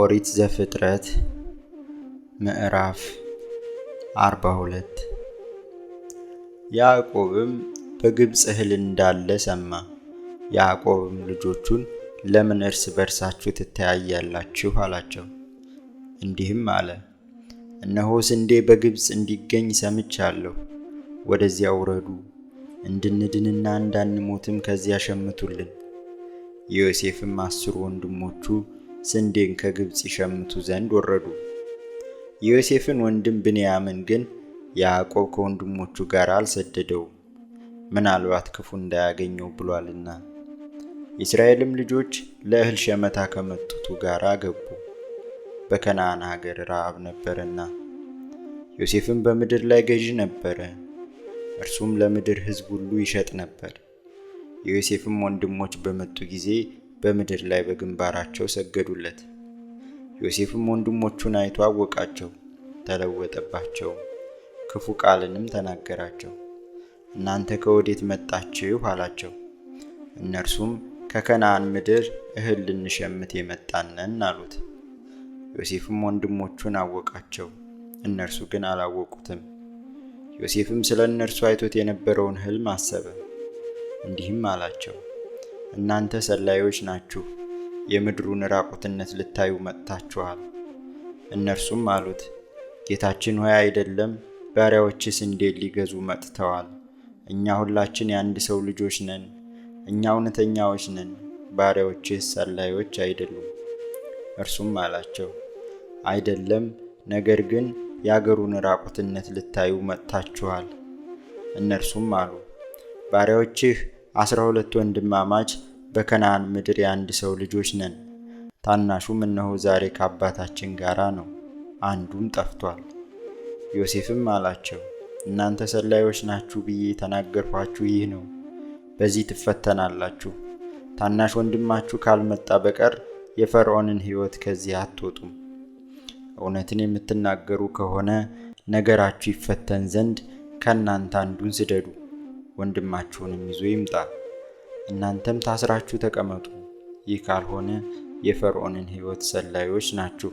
ኦሪት ዘፍጥረት ምዕራፍ 42 ያዕቆብም በግብፅ እህል እንዳለ ሰማ። ያዕቆብም ልጆቹን ለምን እርስ በርሳችሁ ትተያያላችሁ? አላቸው። እንዲህም አለ፣ እነሆ ስንዴ በግብፅ እንዲገኝ ሰምቻለሁ። ወደዚያ ውረዱ፣ እንድንድንና እንዳንሞትም ከዚያ ሸምቱልን። ዮሴፍም አስሩ ወንድሞቹ ስንዴን ከግብፅ ይሸምቱ ዘንድ ወረዱ። የዮሴፍን ወንድም ብንያምን ግን ያዕቆብ ከወንድሞቹ ጋር አልሰደደውም፣ ምናልባት ክፉ እንዳያገኘው ብሏልና። የእስራኤልም ልጆች ለእህል ሸመታ ከመጡቱ ጋር ገቡ፣ በከነዓን ሀገር ረዓብ ነበረና። ዮሴፍም በምድር ላይ ገዢ ነበረ፣ እርሱም ለምድር ሕዝብ ሁሉ ይሸጥ ነበር። የዮሴፍም ወንድሞች በመጡ ጊዜ በምድር ላይ በግንባራቸው ሰገዱለት። ዮሴፍም ወንድሞቹን አይቶ አወቃቸው፣ ተለወጠባቸው፣ ክፉ ቃልንም ተናገራቸው። እናንተ ከወዴት መጣችሁ አላቸው። እነርሱም ከከነዓን ምድር እህል ልንሸምት የመጣነን አሉት። ዮሴፍም ወንድሞቹን አወቃቸው፣ እነርሱ ግን አላወቁትም። ዮሴፍም ስለ እነርሱ አይቶት የነበረውን ሕልም አሰበ፣ እንዲህም አላቸው እናንተ ሰላዮች ናችሁ፣ የምድሩን ራቁትነት ልታዩ መጥታችኋል። እነርሱም አሉት፣ ጌታችን ሆይ አይደለም፣ ባሪያዎችስ እንዴ ሊገዙ መጥተዋል? እኛ ሁላችን የአንድ ሰው ልጆች ነን። እኛ እውነተኛዎች ነን፣ ባሪያዎችህ ሰላዮች አይደሉም። እርሱም አላቸው፣ አይደለም፣ ነገር ግን የአገሩን ራቁትነት ልታዩ መጥታችኋል። እነርሱም አሉ፣ ባሪያዎችህ አስራ ሁለት ወንድማማች በከነዓን ምድር የአንድ ሰው ልጆች ነን። ታናሹም እነሆ ዛሬ ከአባታችን ጋር ነው፣ አንዱም ጠፍቷል። ዮሴፍም አላቸው እናንተ ሰላዮች ናችሁ ብዬ ተናገርኳችሁ ይህ ነው። በዚህ ትፈተናላችሁ። ታናሽ ወንድማችሁ ካልመጣ በቀር የፈርዖንን ሕይወት ከዚህ አትወጡም። እውነትን የምትናገሩ ከሆነ ነገራችሁ ይፈተን ዘንድ ከእናንተ አንዱን ስደዱ፣ ወንድማችሁንም ይዞ ይምጣል። እናንተም ታስራችሁ ተቀመጡ፣ ይህ ካልሆነ የፈርዖንን ሕይወት ሰላዮች ናችሁ።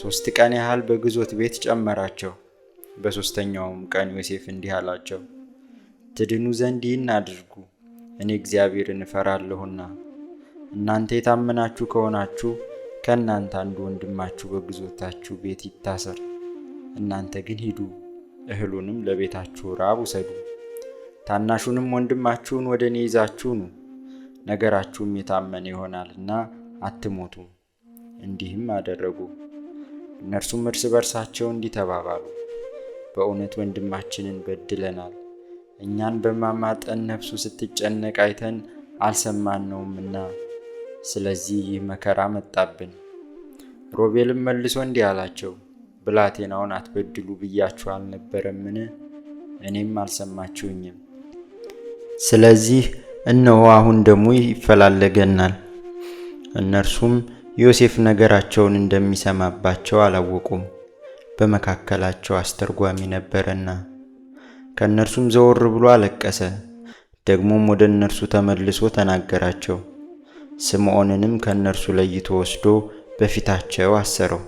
ሦስት ቀን ያህል በግዞት ቤት ጨመራቸው። በሦስተኛውም ቀን ዮሴፍ እንዲህ አላቸው፣ ትድኑ ዘንድ ይህን አድርጉ፣ እኔ እግዚአብሔርን እንፈራለሁና እናንተ የታመናችሁ ከሆናችሁ ከእናንተ አንዱ ወንድማችሁ በግዞታችሁ ቤት ይታሰር፣ እናንተ ግን ሂዱ፣ እህሉንም ለቤታችሁ ራብ ውሰዱ። ታናሹንም ወንድማችሁን ወደ እኔ ይዛችሁ ኑ፣ ነገራችሁም የታመነ ይሆናልና አትሞቱም። እንዲህም አደረጉ። እነርሱም እርስ በርሳቸው እንዲህ ተባባሉ፣ በእውነት ወንድማችንን በድለናል። እኛን በማማጠን ነፍሱ ስትጨነቅ አይተን አልሰማነውምና፣ ስለዚህ ይህ መከራ መጣብን። ሮቤልም መልሶ እንዲህ አላቸው፣ ብላቴናውን አትበድሉ ብያችሁ አልነበረምን? እኔም አልሰማችሁኝም። ስለዚህ እነሆ አሁን ደሙ ይፈላለገናል። እነርሱም ዮሴፍ ነገራቸውን እንደሚሰማባቸው አላወቁም፣ በመካከላቸው አስተርጓሚ ነበረና። ከእነርሱም ዘወር ብሎ አለቀሰ። ደግሞም ወደ እነርሱ ተመልሶ ተናገራቸው። ስምዖንንም ከእነርሱ ለይቶ ወስዶ በፊታቸው አሰረው።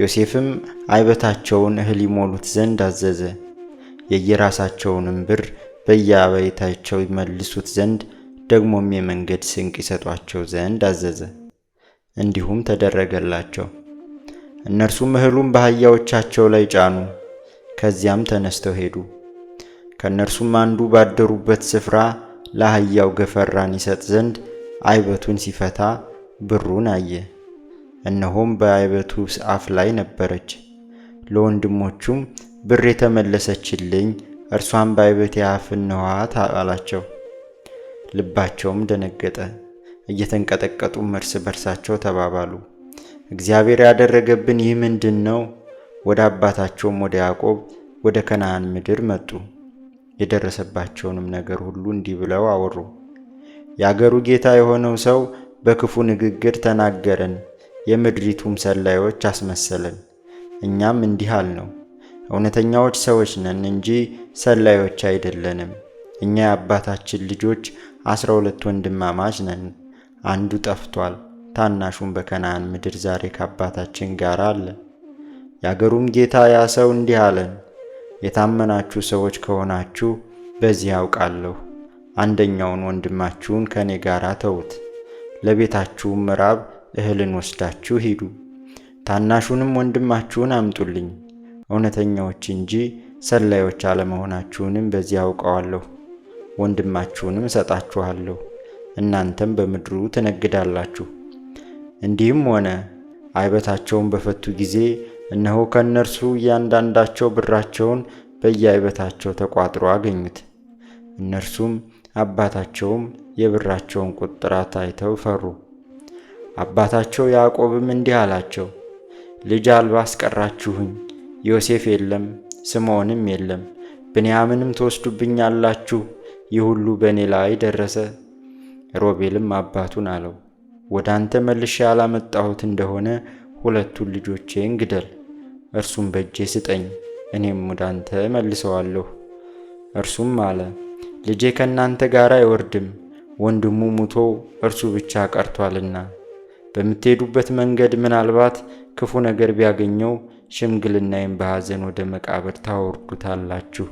ዮሴፍም አይበታቸውን እህል ይሞሉት ዘንድ አዘዘ። የየራሳቸውንም ብር በየአበይታቸው ይመልሱት ዘንድ ደግሞም የመንገድ ስንቅ ይሰጧቸው ዘንድ አዘዘ። እንዲሁም ተደረገላቸው። እነርሱም እህሉን በአህያዎቻቸው ላይ ጫኑ። ከዚያም ተነስተው ሄዱ። ከእነርሱም አንዱ ባደሩበት ስፍራ ለአህያው ገፈራን ይሰጥ ዘንድ አይበቱን ሲፈታ ብሩን አየ። እነሆም በአይበቱ አፍ ላይ ነበረች። ለወንድሞቹም ብር የተመለሰችልኝ እርሷን ባይበት አፍ አላቸው። ልባቸውም ደነገጠ፣ እየተንቀጠቀጡም እርስ በርሳቸው ተባባሉ፣ እግዚአብሔር ያደረገብን ይህ ምንድን ነው? ወደ አባታቸውም ወደ ያዕቆብ ወደ ከነዓን ምድር መጡ። የደረሰባቸውንም ነገር ሁሉ እንዲህ ብለው አወሩ። የአገሩ ጌታ የሆነው ሰው በክፉ ንግግር ተናገረን፣ የምድሪቱም ሰላዮች አስመሰለን። እኛም እንዲህ አልነው እውነተኛዎች ሰዎች ነን እንጂ ሰላዮች አይደለንም። እኛ የአባታችን ልጆች አስራ ሁለት ወንድማማች ነን። አንዱ ጠፍቷል፣ ታናሹን በከናን ምድር ዛሬ ከአባታችን ጋር አለ። የአገሩም ጌታ ያ ሰው እንዲህ አለን፣ የታመናችሁ ሰዎች ከሆናችሁ በዚህ ያውቃለሁ። አንደኛውን ወንድማችሁን ከእኔ ጋር ተውት ለቤታችሁም ምዕራብ እህልን ወስዳችሁ ሂዱ። ታናሹንም ወንድማችሁን አምጡልኝ እውነተኛዎች እንጂ ሰላዮች አለመሆናችሁንም በዚህ አውቀዋለሁ። ወንድማችሁንም እሰጣችኋለሁ፣ እናንተም በምድሩ ትነግዳላችሁ። እንዲህም ሆነ አይበታቸውን በፈቱ ጊዜ እነሆ ከእነርሱ እያንዳንዳቸው ብራቸውን በየአይበታቸው ተቋጥሮ አገኙት። እነርሱም አባታቸውም የብራቸውን ቁጥር አይተው ፈሩ። አባታቸው ያዕቆብም እንዲህ አላቸው፣ ልጅ አልባ አስቀራችሁኝ ዮሴፍ የለም፣ ስምዖንም የለም፣ ብንያምንም ትወስዱብኛላችሁ፣ ይህ ሁሉ በእኔ ላይ ደረሰ። ሮቤልም አባቱን አለው፣ ወደ አንተ መልሼ ያላመጣሁት እንደሆነ ሁለቱን ልጆቼን ግደል፣ እርሱም በእጄ ስጠኝ፣ እኔም ወደ አንተ መልሰዋለሁ። እርሱም አለ፣ ልጄ ከእናንተ ጋር አይወርድም፣ ወንድሙ ሙቶ እርሱ ብቻ ቀርቷልና በምትሄዱበት መንገድ ምናልባት ክፉ ነገር ቢያገኘው ሽምግልናዬም በሐዘን ወደ መቃብር ታወርዱታላችሁ።